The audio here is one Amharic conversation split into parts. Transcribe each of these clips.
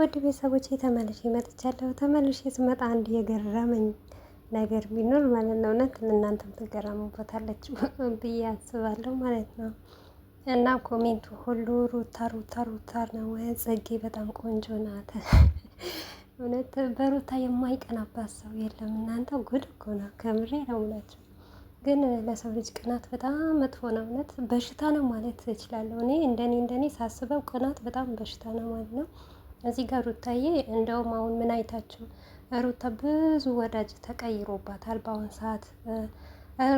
ውድ ቤተሰቦች ተመልሼ መጥቻለሁ። ተመልሼ ስመጣ አንድ የገረመኝ ነገር ቢኖር ማለት ነው እውነት እናንተም ትገረሙበታላችሁ ብዬ አስባለሁ ማለት ነው እና ኮሜንቱ ሁሉ ሩታ ሩታ ሩታ ነው። ጽጌ በጣም ቆንጆ ናት። እውነት በሩታ የማይቀናባት ሰው የለም። እናንተ ጉድ እኮ ነው። ከምሬ ነው እውነቱ ግን ለሰው ልጅ ቅናት በጣም መጥፎ ነው። እውነት በሽታ ነው ማለት እችላለሁ እኔ እንደኔ እንደኔ ሳስበው ቅናት በጣም በሽታ ነው ማለት ነው። እዚህ ጋር ሩታዬ እንደውም አሁን ምን አይታችሁ ሩታ ብዙ ወዳጅ ተቀይሮባታል። በአሁን ሰዓት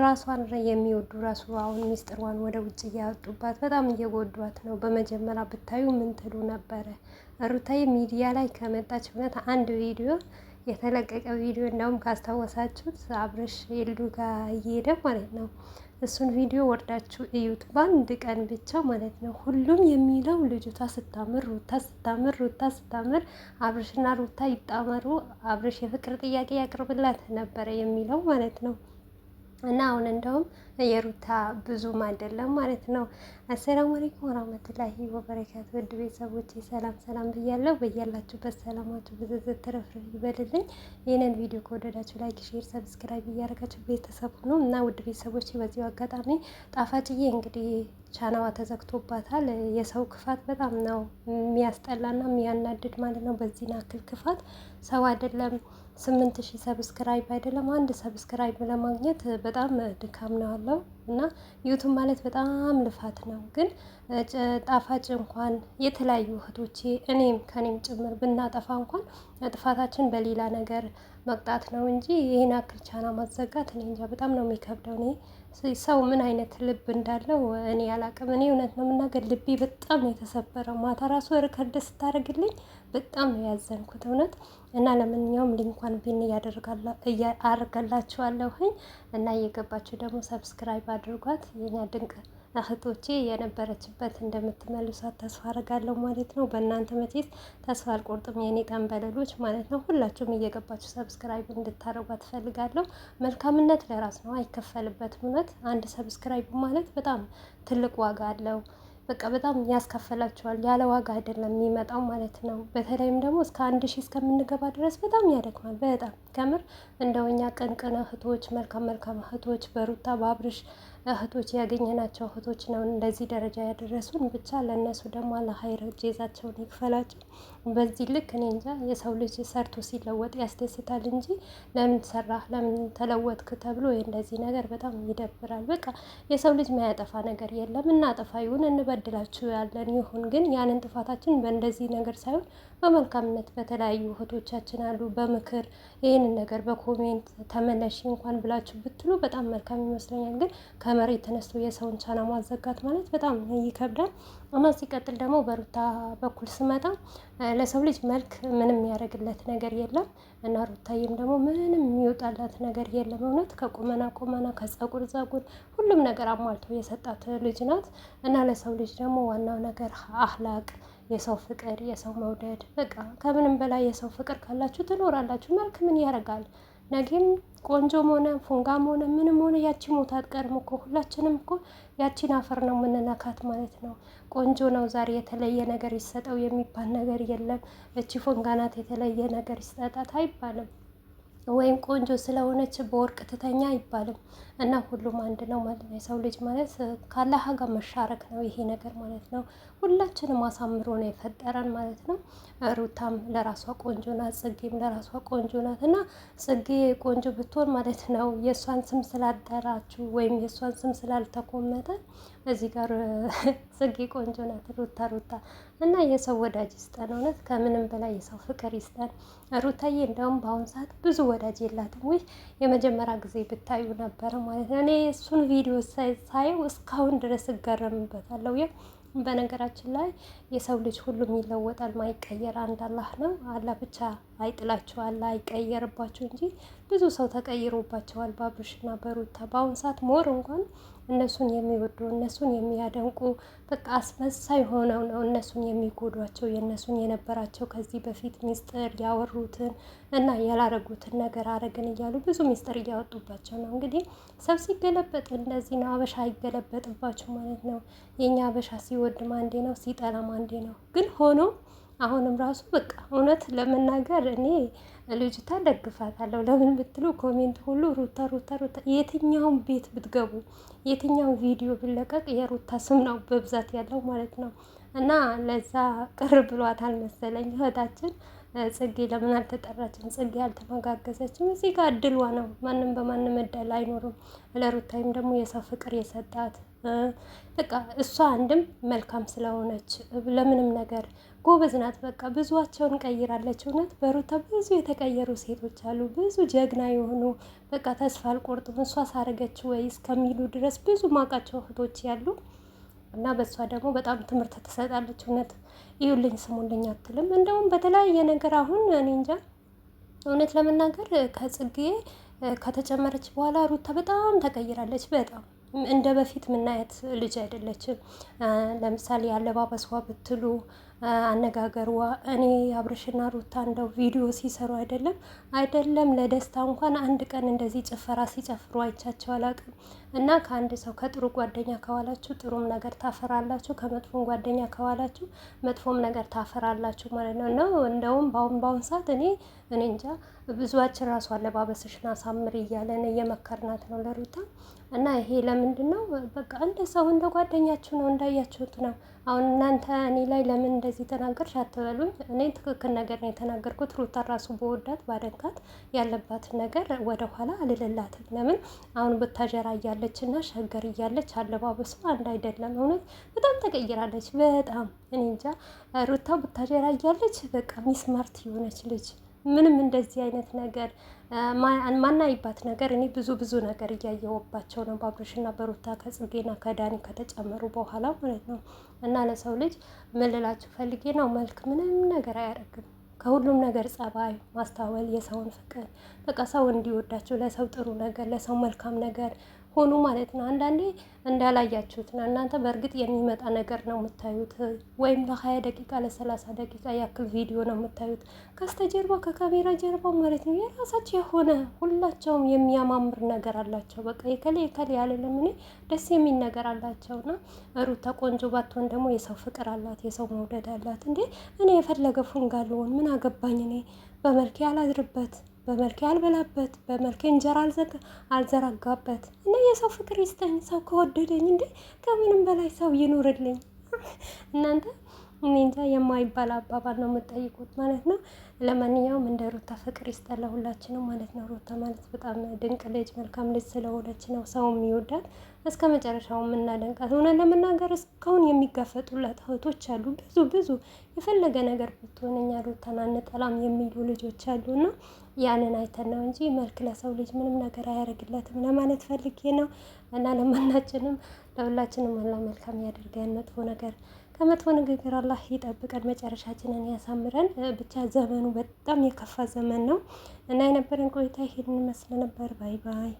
ራሷን የሚወዱ ራሱ አሁን ሚስጥሯን ወደ ውጭ እያወጡባት በጣም እየጎዷት ነው። በመጀመሪያ ብታዩ ምን ትሉ ነበረ? ሩታዬ ሚዲያ ላይ ከመጣች እውነት አንድ ቪዲዮ የተለቀቀ ቪዲዮ እንደውም ካስታወሳችሁት አብረሽ የልዱ ጋር እየሄደ ማለት ነው እሱን ቪዲዮ ወርዳችሁ እዩት። በአንድ ቀን ብቻ ማለት ነው ሁሉም የሚለው ልጅቷ ስታምር፣ ሩታ ስታምር፣ ሩታ ስታምር፣ አብርሽና ሩታ ይጣመሩ፣ አብርሽ የፍቅር ጥያቄ ያቅርብላት ነበረ የሚለው ማለት ነው። እና አሁን እንደውም የሩታ ብዙም አይደለም ማለት ነው። አሰላሙ አለይኩም ወራህመቱላሂ ወበረካቱ ውድ ቤተሰቦች ሰላም ሰላም ብያለሁ። በያላችሁበት ሰላማችሁ ብዝዝት ትረፍረፍ ይበልልኝ። ይህንን ቪዲዮ ከወደዳችሁ ላይክ፣ ሼር፣ ሰብስክራይብ እያደረጋችሁ ቤተሰብ ሁኑ እና ውድ ቤተሰቦች በዚሁ አጋጣሚ ጣፋጭዬ እንግዲህ ቻናዋ ተዘግቶባታል። የሰው ክፋት በጣም ነው የሚያስጠላና የሚያናድድ ማለት ነው። በዚህ ናክል ክፋት ሰው አይደለም ስምንት ሺህ ሰብስክራይብ አይደለም አንድ ሰብስክራይብ ለማግኘት በጣም ድካም ነው አለው እና ዩቱብ ማለት በጣም ልፋት ነው። ግን ጣፋጭ እንኳን የተለያዩ እህቶቼ እኔም ከኔም ጭምር ብናጠፋ እንኳን ጥፋታችን በሌላ ነገር መቅጣት ነው እንጂ ይህን አክል ቻና ማዘጋት እኔ እንጃ በጣም ነው የሚከብደው። እኔ ሰው ምን አይነት ልብ እንዳለው እኔ አላቅም። እኔ እውነት ነው የምናገር ልቤ በጣም የተሰበረው። ማታ ራሱ ርከርደ ስታደርግልኝ በጣም ነው ያዘንኩት እውነት እና ለማንኛውም ሊንኳን ቢን አድርገላችኋለሁኝ እና እየገባችሁ ደግሞ ሰብስክራይብ አድርጓት የኛ ድንቅ እህቶቼ የነበረችበት እንደምትመልሷት ተስፋ አርጋለሁ ማለት ነው። በእናንተ መቼት ተስፋ አልቆርጥም የኔ ጠንበለሎች ማለት ነው። ሁላችሁም እየገባችሁ ሰብስክራይብ እንድታደርጓት ትፈልጋለሁ። መልካምነት ለራስ ነው፣ አይከፈልበትም። እውነት አንድ ሰብስክራይብ ማለት በጣም ትልቅ ዋጋ አለው። በቃ በጣም ያስከፈላቸዋል። ያለ ዋጋ አይደለም የሚመጣው ማለት ነው። በተለይም ደግሞ እስከ አንድ ሺህ እስከምንገባ ድረስ በጣም ያደክማል በጣም ከምር እንደውኛ ቅንቅን እህቶች፣ መልካም መልካም እህቶች በሩታ በአብርሽ እህቶች ያገኘናቸው እህቶች ነው እንደዚህ ደረጃ ያደረሱን። ብቻ ለእነሱ ደግሞ ለሀይረ ጄዛቸውን ይክፈላቸው። በዚህ ልክ እኔ እንጃ የሰው ልጅ ሰርቶ ሲለወጥ ያስደስታል እንጂ ለምን ሰራህ ለምን ተለወጥክ ተብሎ እንደዚህ ነገር በጣም ይደብራል። በቃ የሰው ልጅ ማያጠፋ ነገር የለም። እናጠፋ ይሁን እንበድላችሁ ያለን ይሁን፣ ግን ያንን ጥፋታችን በእንደዚህ ነገር ሳይሆን በመልካምነት በተለያዩ እህቶቻችን አሉ በምክር ይህን ይህንን ነገር በኮሜንት ተመለሽ እንኳን ብላችሁ ብትሉ በጣም መልካም ይመስለኛል። ግን ከመሬት ተነስቶ የሰውን ቻና ማዘጋት ማለት በጣም ይከብዳል እና ሲቀጥል ደግሞ በሩታ በኩል ስመጣ ለሰው ልጅ መልክ ምንም ያደርግለት ነገር የለም እና ሩታዬም ደግሞ ምንም የሚወጣላት ነገር የለም። እውነት ከቁመና ቁመና፣ ከጸጉር ጸጉር፣ ሁሉም ነገር አሟልቶ የሰጣት ልጅ ናት እና ለሰው ልጅ ደግሞ ዋናው ነገር አህላቅ የሰው ፍቅር፣ የሰው መውደድ በቃ ከምንም በላይ የሰው ፍቅር ካላችሁ ትኖራላችሁ። መልክ ምን ያደርጋል? ነገም ቆንጆም ሆነ ፉንጋም ሆነ ምንም ሆነ ያቺ ሞት አትቀርም እኮ ሁላችንም እኮ ያቺን አፈር ነው የምንነካት ማለት ነው። ቆንጆ ነው ዛሬ የተለየ ነገር ይሰጠው የሚባል ነገር የለም። እቺ ፉንጋ ናት የተለየ ነገር ይሰጣት አይባልም። ወይም ቆንጆ ስለሆነች በወርቅ ትተኛ አይባልም። እና ሁሉም አንድ ነው ማለት ነው። የሰው ልጅ ማለት ካላህ ጋር መሻረክ ነው ይሄ ነገር ማለት ነው። ሁላችንም አሳምሮ ነው የፈጠረን ማለት ነው። ሩታም ለራሷ ቆንጆ ናት፣ ጽጌም ለራሷ ቆንጆ ናት። እና ጽጌ ቆንጆ ብትሆን ማለት ነው የእሷን ስም ስላጠራችሁ ወይም የእሷን ስም ስላልተኮመጠ እዚህ ጋር ጽጌ ቆንጆ ናት፣ ሩታ ሩታ እና የሰው ወዳጅ ይስጠን። እውነት ከምንም በላይ የሰው ፍቅር ይስጠን። ሩታዬ እንደውም በአሁኑ ሰዓት ብዙ ወዳጅ የላትም። ወይ የመጀመሪያ ጊዜ ብታዩ ነበረ ማለት ነው። እኔ እሱን ቪዲዮ ሳየው እስካሁን ድረስ እገረምበታለሁ። በነገራችን ላይ የሰው ልጅ ሁሉም ይለወጣል። ማይቀየር አንድ አላህ ነው። አላህ ብቻ አይጥላችሁ፣ አላህ እንጂ ብዙ ሰው ተቀይሮባቸዋል። ባብርሽና በሩታ በአሁኑ ሰዓት ሞር እንኳን እነሱን የሚወዱ እነሱን የሚያደንቁ በቃ አስመሳይ ሆነው ነው እነሱን የሚጎዷቸው። የእነሱን የነበራቸው ከዚህ በፊት ሚስጥር ያወሩትን እና ያላረጉትን ነገር አረግን እያሉ ብዙ ሚስጥር እያወጡባቸው ነው። እንግዲህ ሰው ሲገለበጥ እንደዚህ ነው። አበሻ አይገለበጥባቸው ማለት ነው። የእኛ አበሻ ሲወድም አንዴ ነው፣ ሲጠላም አንዴ ነው። ግን ሆኖ አሁንም ራሱ በቃ እውነት ለመናገር እኔ ልጅቷ ደግፋታለሁ። ለምን ብትሉ ኮሜንት ሁሉ ሩታ ሩታ ሩታ። የትኛውን ቤት ብትገቡ የትኛውን ቪዲዮ ብለቀቅ የሩታ ስም ነው በብዛት ያለው ማለት ነው። እና ለዛ ቅር ብሏታል መሰለኝ እህታችን ጽጌ ለምን አልተጠራችም? ጽጌ አልተመጋገዘችም? እዚህ ጋር እድሏ ነው። ማንም በማንም እድል አይኖርም። ለሩታይም ደግሞ የሰው ፍቅር የሰጣት በቃ እሷ አንድም መልካም ስለሆነች ለምንም ነገር ጎበዝ ናት። በቃ ብዙቸውን ቀይራለች። እውነት በሩታ ብዙ የተቀየሩ ሴቶች አሉ፣ ብዙ ጀግና የሆኑ በቃ ተስፋ አልቆርጥም እሷ ሳረገች ወይ እስከሚሉ ድረስ ብዙ ማውቃቸው እህቶች ያሉ እና በእሷ ደግሞ በጣም ትምህርት ትሰጣለች። እውነት እዩልኝ ስሙልኝ አትልም። እንደውም በተለያየ ነገር አሁን እኔ እንጃ እውነት ለመናገር ከጽጌ ከተጨመረች በኋላ ሩታ በጣም ተቀይራለች። በጣም እንደ በፊት ምናየት ልጅ አይደለችም። ለምሳሌ አለባበሷ ብትሉ አነጋገርዋ እኔ አብርሽና ሩታ እንደው ቪዲዮ ሲሰሩ አይደለም አይደለም ለደስታ እንኳን አንድ ቀን እንደዚህ ጭፈራ ሲጨፍሩ አይቻቸው አላውቅም። እና ከአንድ ሰው ከጥሩ ጓደኛ ከዋላችሁ ጥሩም ነገር ታፈራላችሁ፣ ከመጥፎም ጓደኛ ከዋላችሁ መጥፎም ነገር ታፈራላችሁ ማለት ነው እና እንደውም በአሁን በአሁን ሰዓት እኔ እኔ እንጃ ብዙዋችን ራሱ አለባበስሽን አሳምር እያለን እየመከርናት ነው ለሩታ እና ይሄ ለምንድን ነው? በቃ እንደ ሰው እንደ ጓደኛችሁ ነው እንዳያችሁት ነው አሁን እናንተ እኔ ላይ ለምን እንደዚህ ተናገርሽ አትበሉኝ። እኔ ትክክል ነገር ነው የተናገርኩት። ሩታ ራሱ በወዳት ባደንካት ያለባት ነገር ወደኋላ አልልላትም። ለምን አሁን ብታጀራ እያለች እና ሸገር እያለች አለባበሷ አንድ አይደለም። እውነት በጣም ተቀይራለች። በጣም እኔ እንጃ ሩታ ብታጀራ እያለች በቃ ሚስማርት የሆነች ልጅ ምንም እንደዚህ አይነት ነገር ማናይባት ነገር እኔ ብዙ ብዙ ነገር እያየውባቸው ነው በአብርሽና በሩታ ከጽጌና ከዳኒ ከተጨመሩ በኋላ ማለት ነው። እና ለሰው ልጅ ምልላችሁ ፈልጌ ነው መልክ ምንም ነገር አያደርግም። ከሁሉም ነገር ጸባይ፣ ማስታወል፣ የሰውን ፍቅር በቃ ሰው እንዲወዳቸው ለሰው ጥሩ ነገር ለሰው መልካም ነገር ሆኑ ማለት ነው። አንዳንዴ እንዳላያችሁት ነው እናንተ በእርግጥ የሚመጣ ነገር ነው የምታዩት፣ ወይም ለሀያ ደቂቃ ለሰላሳ ደቂቃ ያክል ቪዲዮ ነው የምታዩት ከስተጀርባ ከካሜራ ጀርባ ማለት ነው። የራሳቸው የሆነ ሁላቸውም የሚያማምር ነገር አላቸው። በቃ የከሌ የከሌ ያለለም እኔ ደስ የሚል ነገር አላቸው። እና ሩታ ቆንጆ ባትሆን ደግሞ የሰው ፍቅር አላት፣ የሰው መውደድ አላት። እንዴ እኔ የፈለገ ፉንጋ ልሆን ምን አገባኝ እኔ በመልክ ያላድርበት በመልክ አልበላበት፣ በመልክ እንጀራ አልዘረጋበት እና የሰው ፍቅር ይስጠኝ። ሰው ከወደደኝ እንዴ ከምንም በላይ ሰው ይኑርልኝ እናንተ እኔ እንጃ የማይባል አባባል ነው የምጠይቁት ማለት ነው። ለማንኛውም እንደ ሩታ ፍቅር ይስጠላ ሁላችንም ማለት ነው። ሩታ ማለት በጣም ድንቅ ልጅ፣ መልካም ልጅ ስለሆነች ነው ሰውም ይወዳል እስከ መጨረሻው የምናደንቃት ሆነን ለመናገር እስካሁን የሚጋፈጡላት እህቶች አሉ ብዙ ብዙ የፈለገ ነገር ብትሆን እኛ ሩታን አንጠላም የሚሉ ልጆች አሉ አሉና ያንን አይተን ነው እንጂ መልክ ለሰው ልጅ ምንም ነገር አያደርግለትም ለማለት ፈልጌ ነው። እና ለማናችንም ለሁላችንም አላህ መልካም ያደርገን መጥፎ ነገር ከመጥፎ ንግግር አላህ ይጠብቀን፣ መጨረሻችንን ያሳምረን። ብቻ ዘመኑ በጣም የከፋ ዘመን ነው እና የነበረን ቆይታ ይሄን ይመስል ነበር። ባይ ባይ።